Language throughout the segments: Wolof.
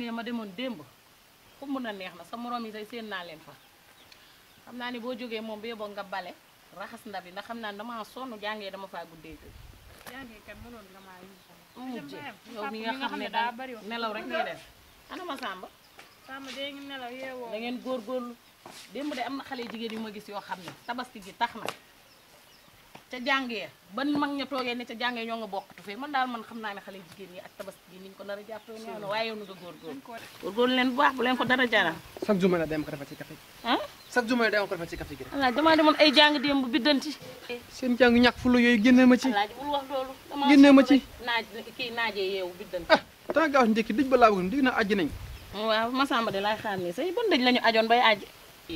jàng ma demoon démb ku mun a neex na sa morom yi say séen naa leen fa xam naa ni boo jógee moom bee nga bale raxas ndab yi ndax xam naa dama sonn jàngee dama faa guddee jóg yow mi nga xam ne daa nelaw rek ngay def ana ma Samba Samba dee ngi nelaw yeewoo da góor góor démb de am na xale jigéen yu ma gis yoo xam ne tabaski yi tax na ca jàngee ban mag ña toogee ne ca jàngee ñoo nga bokkatu fee man daal man xam naa ne xale jigéen ñi ak tabaski bi niñ ko nar a jàppee ñoo na waaye yow leen baax bu leen ko dara jaral chaque jour ma ne dama ko defal ci café gi chaque ko defal ci café gi rek alaaji damaa demoon ay jàng démb biddanti seen jàng ñàkk fula yooyu génne ma ci alaaji bul wax loolu génne ma ci naaj kii naajee yeewu biddanti ah tant gaaw ndékki dëj ba laa bëgg dégg naa àjji nañ waaw Massamba de laay xaar ne say bon dëj la ñu ajoon bay àjji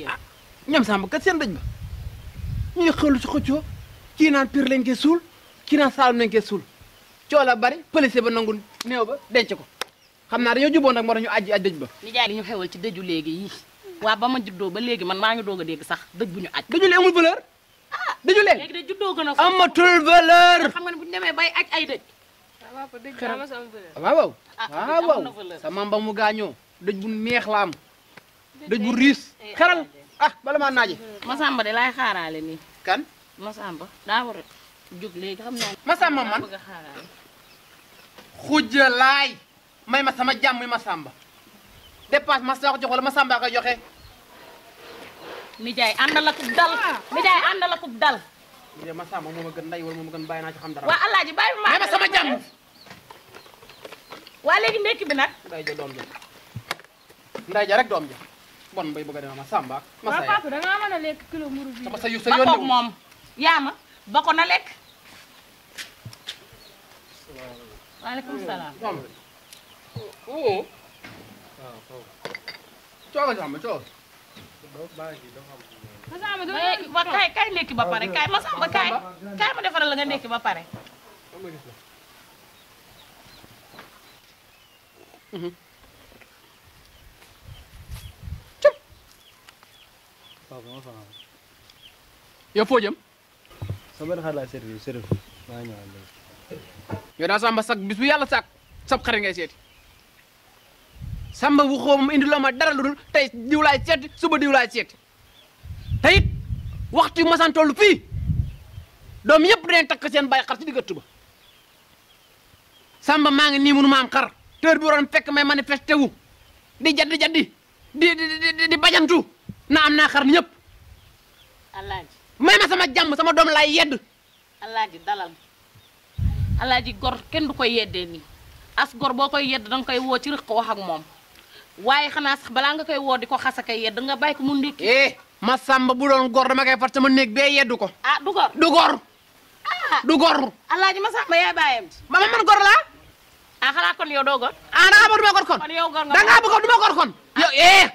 ah, ñoom Samba kat seen dëj ba ñuy xëlu ci kii naan Pire lañ koy suul kii naan Saalum lañ koy suul coola bari pëlise ba nangu neew ba denc ko xam naa dañoo juboon rek moo tax ñu àjji aj dëj ba nijaay li ñu xewal ci dëju léegi yii waa ba ma juddoo ba léegi man maa ngi doog a dégg sax dëj bu ñu aj dëju lee amul valeur ah, dëju lee léegi de juddoo gën a amatul valeur xam nga bu ñu demee bay aj ay dëj ah, ah, waaw waaw waaw sama mba mu gaañoo dëj bu neex la am dëj bu riis xaral ah bala maa naaje Masamba de laay xaaraale nii kan Masamba daa war a jóg léegi xam naa. Masamba man xujja laay may ma sama jàmm muy Masamba dépense Masamba ko jox wala Masamba koy joxe. Nijaay àndal akub dal Nijaay àndal akub dal. Nijaay Masamba gën nday wala moom a gën bàyyi naa ci xam dara. waa Alaaji bàyyi ma ma sama waa léegi ndekki bi nday ja doom ja nday ja rek doom ja bon mbay bëgg a dem Masamba. Masaya waaw papa dangaa moom. yaa ma ba ko na lekk. waaleykum salaam. waaw. coono si am coono. Masamba dama nekk ba kaay kaay nekki ba pare kaay ma defaral la nga nekki ba pare. Mhm. yow foo jëm. sama benn xar laa seetlu seetlu daa samba sag bis bu yàlla sàkk sab xarit ngay seeti samba bu xoo moom indi loo ma dara lu dul tey diw laay suba diw laay seeti waxtu yu masaan toll fii doom yëpp dinañ takk seen bàyyi xar ci diggante ba samba maa ngi nii mënu ma am xar tër bi waroon fekk may manifesté wu di jaddi jaddi di di di bajantu na am naa xar ñëpp alaaji may ma sama jàmm sama doom laay yedd. alaaji dalal alaaji gor kenn du koy yeddee nii as gor boo koy yedd danga koy woo ci rëq wax moom waaye xanaa sax balaa nga koy woo di ko xas a koy yedd nga bàyyi ko mu ndékki. eh ma sàmba bu doon gor dama koy far sama néeg bee yeddu ko. ah du gor ah. ma sàmba ma man gor laa. Ah, kon yow doo gor. ah du ma gor kon. kon yow du ma gor kon. Ah. yow eh,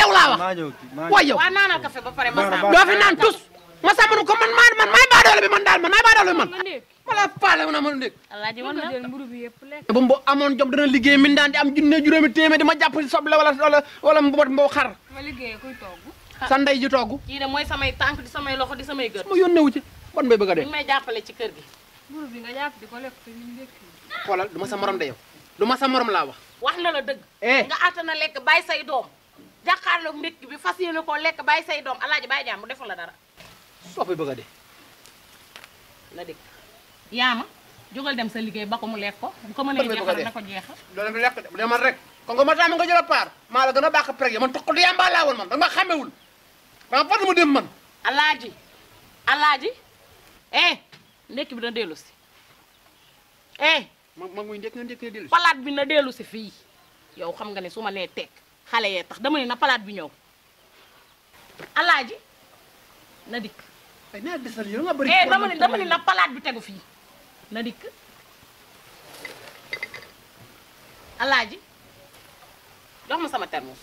yow laa wax. waaw yow waaw naanal café ba pare ma doo fi naan tus ma sàmm ko man maa man maay baadoole bi man daal man maay baadoole bi man. ma la faale wu na ma nekk. alaaji yëpp lekk. bu amoon jom dana liggéey min daan di am junne juróomi téeméer di ma jàpp si soble wala wala wala mbot mbow xar. ma liggéeyee kuy togg. sa ndey ji togg. kii de mooy samay tànk di samay loxo di samay gër. ma yónnee wu ci bon bay bëgg a dee. jàppale ci kër gi. bi nga jàpp di ko lekk te du ma sa morom de yow du ma sa morom laa wax. wax na la dëgg. Eh. nga àttana lekk bàyyi say doom jàkkaarloog ndékki bi fas yéene koo lekk bàyyi say doom alaaji bàyyi jaam mu defu la dara. soo koy bëgg a dee. la dégg yaama jógal dem sa liggéey ba ko mu lekk ko bu ko mënee jeexal na ko jeexal. loolu mu lekk rek kon nga ma taama nga jël a paar maa la gën a baax a preg man toqal yàmbaa laa woon man danga ma xàmmewul maa fàttali ma dem man. alaaji alaaji eh ndékki bi na dellu si eh. ma ma muy ndékki na ndékki na dellu bi na dellu si fii yow xam nga ne su ma nee tekk xale yee tax dama ne na palaat bi ñëw alaaji na dikk. ay naa desal yow eh, na palaat bi tegu fii na dikk alaaji jox ma sama termos.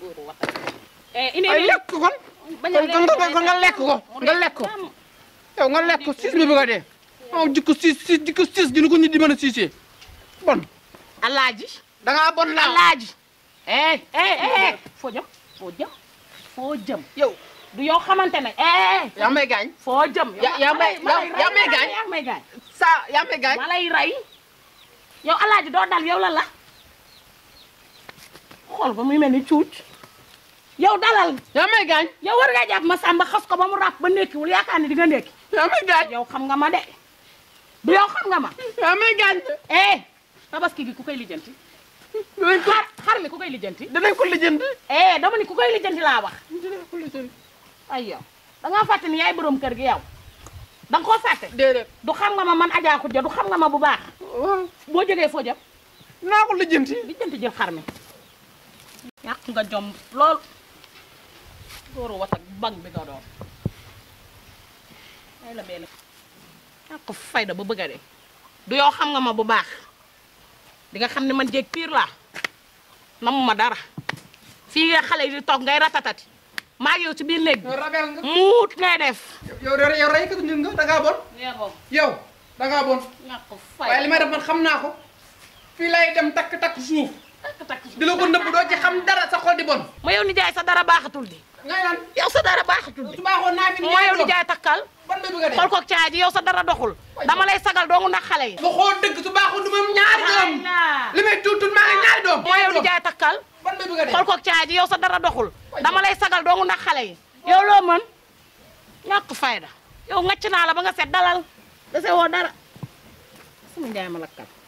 wóoru waxtaan. Eh, indi ay lekk ko bañ a nga lekk ko nga lekk ko. yow nga lekk ko siis bi bëgg dee. moom jikko siis siis siis dina di mën a bon. alaaji. da ngaa bon laaw alaaji. Eh eh, eh, eh eh foo jëm foo jëm yow du yow xamante ne eh. yaa may gaañ. foo jëm yow yaa may yaa may gaañ sa yaa may gaañ. ma lay yow alaaji doo dal yow la la xool ba muy mel ni cuuc. yow dalal. yaa may gaañ. yow war ma Samba xas ko ba mu ràpp ba nekkiwul gaañ yow xam nga ma de. du yow xam nga ma. yaa may gaañ. eh tabaski gi ku koy lijjanti. xar xar mi ku koy lijjanti. danañ ko lijjanti. eh dama ni ku koy lijjanti laa wax. dinañ ko lijjanti. ay yow da ngaa ni yaay borom kër gi yow. da nga koo fàtte. déedéet du man Adja Khoudia xam nga ma bu baax. boo jógee foo jëm. naa ko jom lool. góoru wat ba bëgg xam nga ma bu baax. di nga xam ne man jéeg piir laa nam ma dara fii nga xale yi di toog ngay ratatati maa ngi yow ci biir néeg bi muut ngay def. yow yow rey ko nit nga da bon. yow daga ngaa bon. li may def xam naa ko fii lay dem takk takk suuf. di la ko nëbb doo ci dara sa xol di bon. ma yow ni jaay sa dara baaxatul di. ngay naan yow sa dara baaxatul di. su baaxoon ma yow ni jaay takkal. ban la bëgg ji yow sa dara doxul. dama lay sagal doomu ndax xale yi. bu xool dëgg su baaxul du ma doom. li may maa ngi ñaari doom. mooy yow di jaay takkal. ban bébé nga dee yow sa dara doxul. dama lay sagal doomu ndax xale yi. yow loo mën fayda. yow ngacc naa la ba nga set dalal. dese woo dara. su ma njaay ma lakkal.